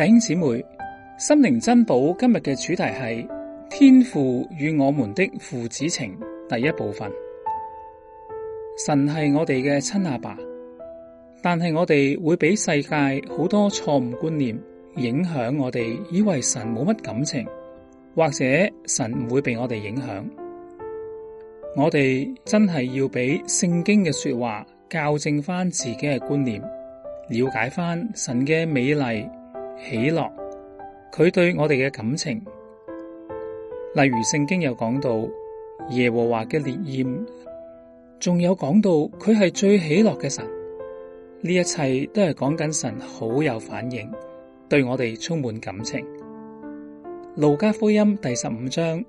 弟兄姊妹，心靈珍寶今日嘅主題係天父與我們的父子情，第一部分。神係我哋嘅親阿爸，但係我哋會畀世界好多錯誤觀念影響我哋，以為神冇乜感情，或者神唔會被我哋影響。我哋真係要畀聖經嘅說話校正翻自己嘅觀念，了解翻神嘅美麗。喜樂，佢對我哋嘅感情，例如聖經又講到耶和華嘅烈焰，仲有講到佢係最喜樂嘅神，呢一切都係講緊神好有反應，對我哋充滿感情。路加福音第十五章，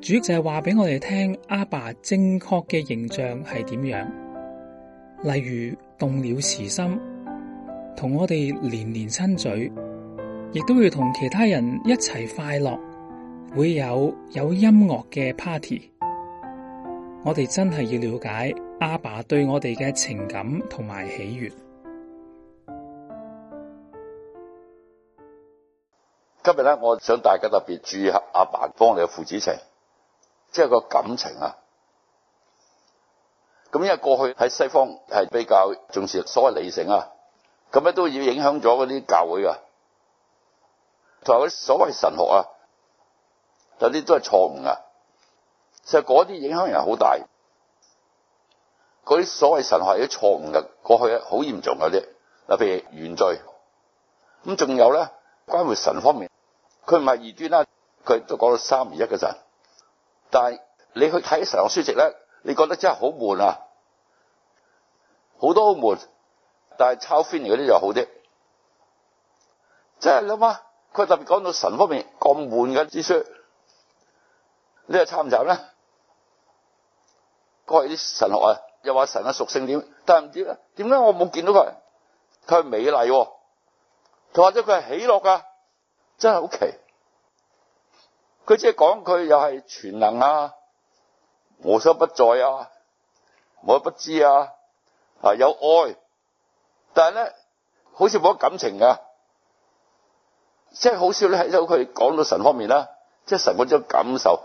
主就係話俾我哋聽阿爸正確嘅形象係點樣，例如動了慈心，同我哋連連親嘴。亦都要同其他人一齊快樂，會有有音樂嘅 party。我哋真係要了解阿爸對我哋嘅情感同埋喜悦。今日咧，我想大家特別注意下阿爸幫你嘅父子情，即係個感情啊。咁因為過去喺西方係比較重視所謂理性啊，咁咧都要影響咗嗰啲教會啊。同埋佢所謂神學啊，有啲都係錯誤噶，即係嗰啲影響人好大。嗰啲所謂神學有啲錯誤噶，過去好嚴重嗰啲，譬如原罪。咁仲有咧，關乎神方面，佢唔係異端啦，佢都講到三而一嘅神。但係你去睇神學書籍咧，你覺得真係好悶啊，好多好悶。但係抄 Finney 嗰啲就好啲，真係啦嘛。佢特別講到神方面咁悶嘅知識，你又參雜咧？嗰啲神學說神啊，又話神嘅屬性點？但係唔知咧，點解我冇見到佢？佢係美麗，佢或者佢係喜樂噶、啊，真係好奇。佢即係講佢又係全能啊，無所不在啊，我不知啊，啊有愛，但係咧，好似冇感情噶。即係好少咧，喺到佢講到神方面啦，即係神嗰種感受。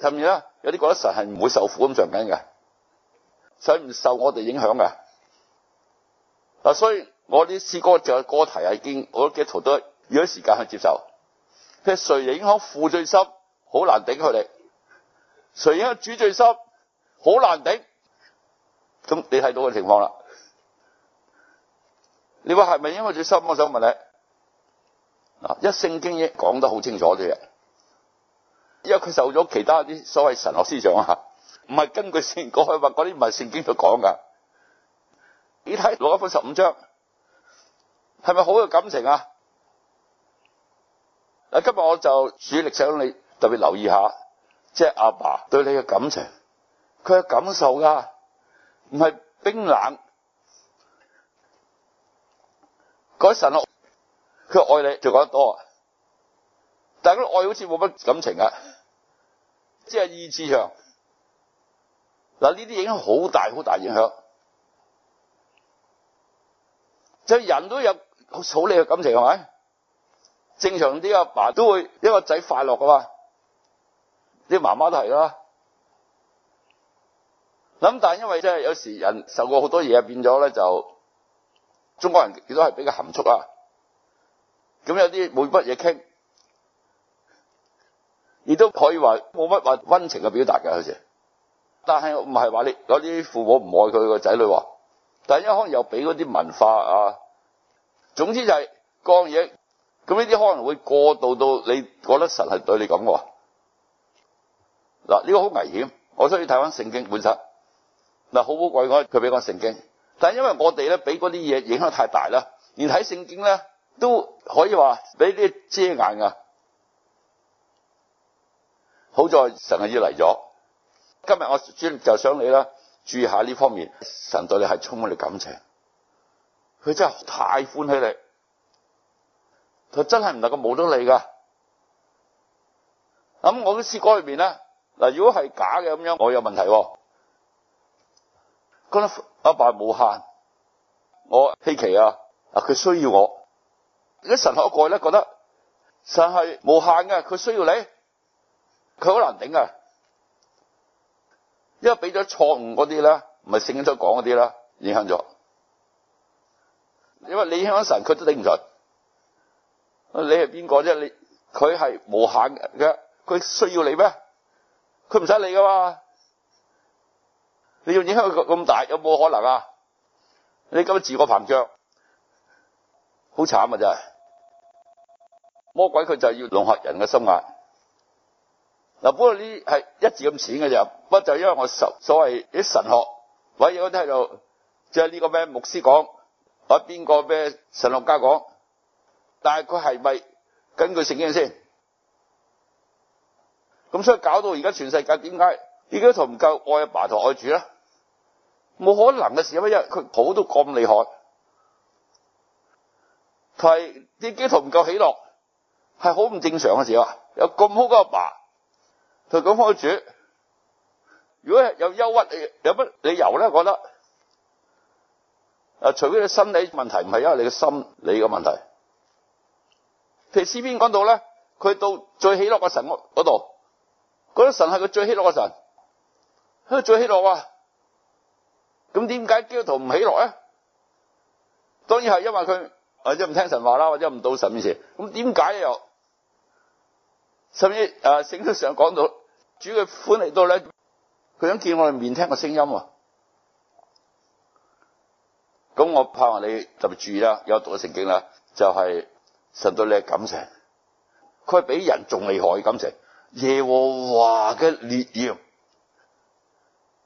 甚至啦，有啲覺得神係唔會受苦咁上緊嘅，所以唔受我哋影響嘅。嗱，所以我啲詩歌就係歌題已經，基督徒都用咗時間去接受。即係誰影響負罪心，好難頂佢哋；誰影響主罪心，好難頂。咁你睇到嘅情況啦。你話係咪因為罪心？我想問你。嗱，一聖經已講得好清楚啫，因為佢受咗其他啲所謂神學思想啊，唔係根據聖經講話嗰啲，唔係聖經度講噶。你睇路加福音十五章，係咪好有感情啊？嗱，今日我就主力想你特別留意一下，即係阿爸對你嘅感情，佢嘅感受噶，唔係冰冷，神學。佢愛你就講得多，但係嗰個愛好似冇乜感情啊，即係意志上。嗱，呢啲影響好大好大影響，即係人都有好理嘅感情，係咪？正常啲阿爸都會因為仔快樂噶嘛，啲媽媽都係啦。咁但係因為即係有時人受過好多嘢，變咗咧就中國人亦都係比較含蓄啊。咁有啲冇乜嘢傾，亦都可以話冇乜話溫情嘅表達㗎。好似但係唔係話你有啲父母唔愛佢個仔女話，但係可能又俾嗰啲文化啊，總之就係講嘢。咁呢啲可能會過度到你覺得神係對你咁。嗱、啊、呢、這個好危險，我想要睇翻聖經本身。嗱、啊、好寶貴、啊，我佢俾我聖經，但係因為我哋咧俾嗰啲嘢影響太大啦，而睇聖經咧。呢都可以話俾啲遮眼噶，好在神阿要嚟咗。今日我專就想你啦，注意下呢方面。神對你係充滿嘅感情，佢真係太歡喜你，佢真係唔能夠冇咗你噶。咁我啲詩歌裏面咧，嗱，如果係假嘅咁樣，我有問題。覺得阿爸冇限，我稀奇啊！嗱，佢需要我。啲神學觀咧？覺得神係無限嘅，佢需要你，佢好難頂啊！因為俾咗錯誤嗰啲啦，唔係聖經都講嗰啲啦，影響咗。因為你影響神，佢都頂唔順。你係邊個啫？你佢係無限嘅，佢需要你咩？佢唔使你噶嘛？你要影響佢咁大，有冇可能啊？你咁樣自我膨脹，好慘啊！真係。魔鬼佢就要籠吓人嘅心啊！嗱，不過呢係一字咁淺嘅嘢，不就因為我受所謂啲神學，或者有啲喺度即係呢個咩牧師講，啊邊個咩神學家講，但係佢係咪根據聖經先？咁所以搞到而家全世界點解呢啲基督徒唔夠愛阿爸同愛主咧？冇可能嘅事，因為佢抱到咁厲害，佢係啲基督徒唔夠喜樂。係好唔正常嘅事啊！有咁好嘅阿爸佢咁開主，如果有憂鬱，有乜理由咧？覺得啊，除非你心理問題，唔係因為你嘅心理嘅問題。譬如詩篇講到咧，佢到最喜樂嘅神嗰度，覺得神係佢最喜樂嘅神，佢最喜樂啊！咁點解基督徒唔喜樂咧？當然係因為佢或者唔聽神話啦，或者唔到神面前。咁點解又？甚至啊，聖經上講到主佢歡嚟到咧，佢想見我哋面，聽個聲音、啊。咁我怕你特別注意啦，有讀過聖經啦，就係、是、神對你嘅感情，佢係比人仲厲害嘅感情。耶和華嘅烈焰，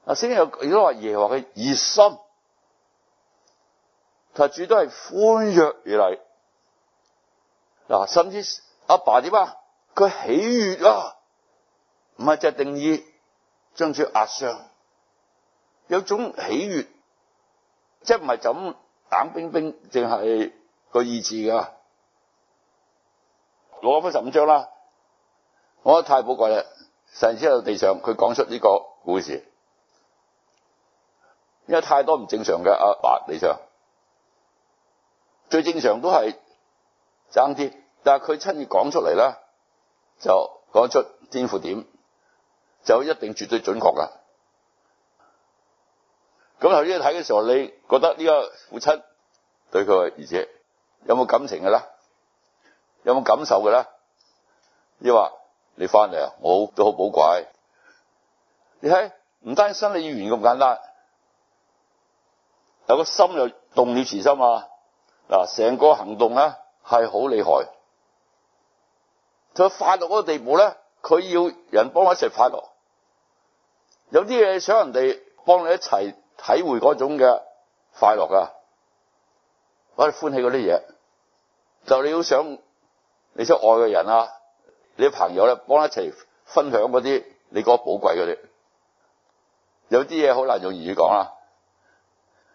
啊，聖經有都話耶和華嘅熱心，但主都係歡躍而嚟。嗱、啊，甚至阿爸點啊？佢喜悅啊，唔係就是定義將只壓傷，有種喜悅，即係唔係就咁冷冰冰，淨係個意志噶。攞翻十五章啦，我覺得太寶貴啦。神之喺地上，佢講出呢個故事，因為太多唔正常嘅。阿、啊、華，李上，最正常都係爭啲，但係佢親自講出嚟啦。就講出天賦點，就一定絕對準確噶。咁頭先睇嘅時候，你覺得呢個父親對佢兒子有冇感情嘅啦？有冇感受嘅啦？亦話你翻嚟啊，我都好寶貴。你睇唔單係心理語言咁簡單，有個心又動了慈心啊！嗱，成個行動咧係好厲害。就快樂嗰個地步咧，佢要人幫我一齊快樂。有啲嘢想人哋幫你一齊體會嗰種嘅快樂噶，我哋歡喜嗰啲嘢，就你要想你想愛嘅人啊，你啲朋友咧，幫一齊分享嗰啲你覺得寶貴嗰啲。有啲嘢好難用言語講啦。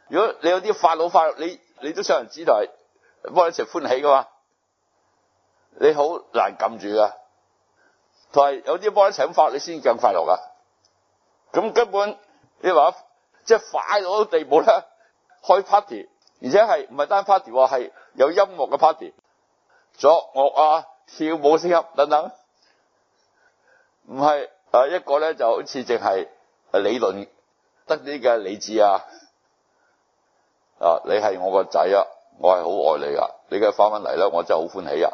如果你有啲快樂快樂，你你都想人知道幫幫你一齊歡喜噶嘛。你好難撳住㗎。同埋有啲幫你請法，你先咁快樂噶。咁根本你話即係快樂嘅地步咧，開 party，而且係唔係單 party，係有音樂嘅 party，作樂啊，跳舞聲音等等，唔係一個咧就好似淨係理論得啲嘅理智啊。啊，你係我個仔啊，我係好愛你啊。你嘅翻翻嚟啦，我真係好歡喜啊！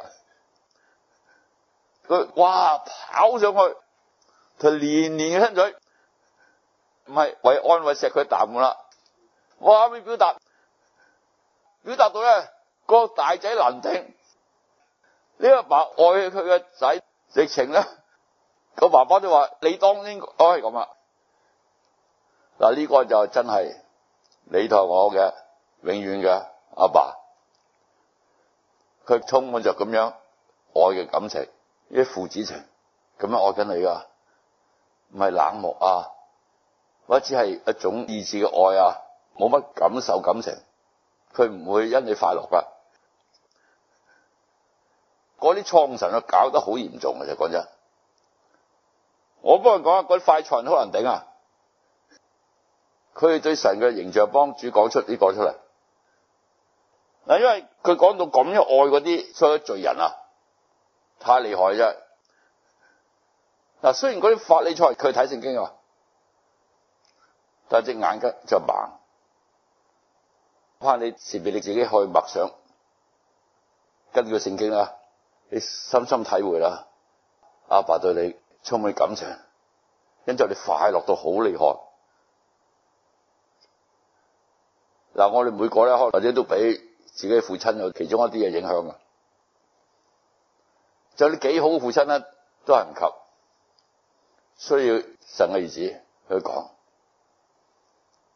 佢哇跑上去，佢連連嘅親嘴，唔係為安慰錫佢啖啦。哇！咩表達？表達到咧，個大仔難聽，呢個爸爸愛佢嘅仔直情咧，個爸爸就話：你當應該係咁啦。嗱，呢個就真係你同我嘅永遠嘅阿爸，佢充滿著咁樣愛嘅感情。一父子情咁樣愛緊你噶，啊，唔係冷漠啊，或者係一種意志嘅愛啊，冇乜感受感情，佢唔會因你快樂噶。嗰啲創神啊，搞得好嚴重啊！就講真，我幫人講下，嗰快彩雲好難頂啊。佢對神嘅形象幫主講出呢個出嚟嗱，因為佢講到咁樣的愛嗰啲衰嘅罪人啊。太厲害啫！嗱，雖然嗰啲法利賽，佢睇聖經啊，但係隻眼睛就盲。怕你前面你自己去默想，跟住聖經啦，你深深體會啦。阿爸，爸對你充滿感情，跟住你快樂到好厲害。嗱，我哋每個咧，或者都俾自己父親有其中一啲嘅影響啊。就啲幾好嘅父親都係唔及，需要神嘅兒子去講。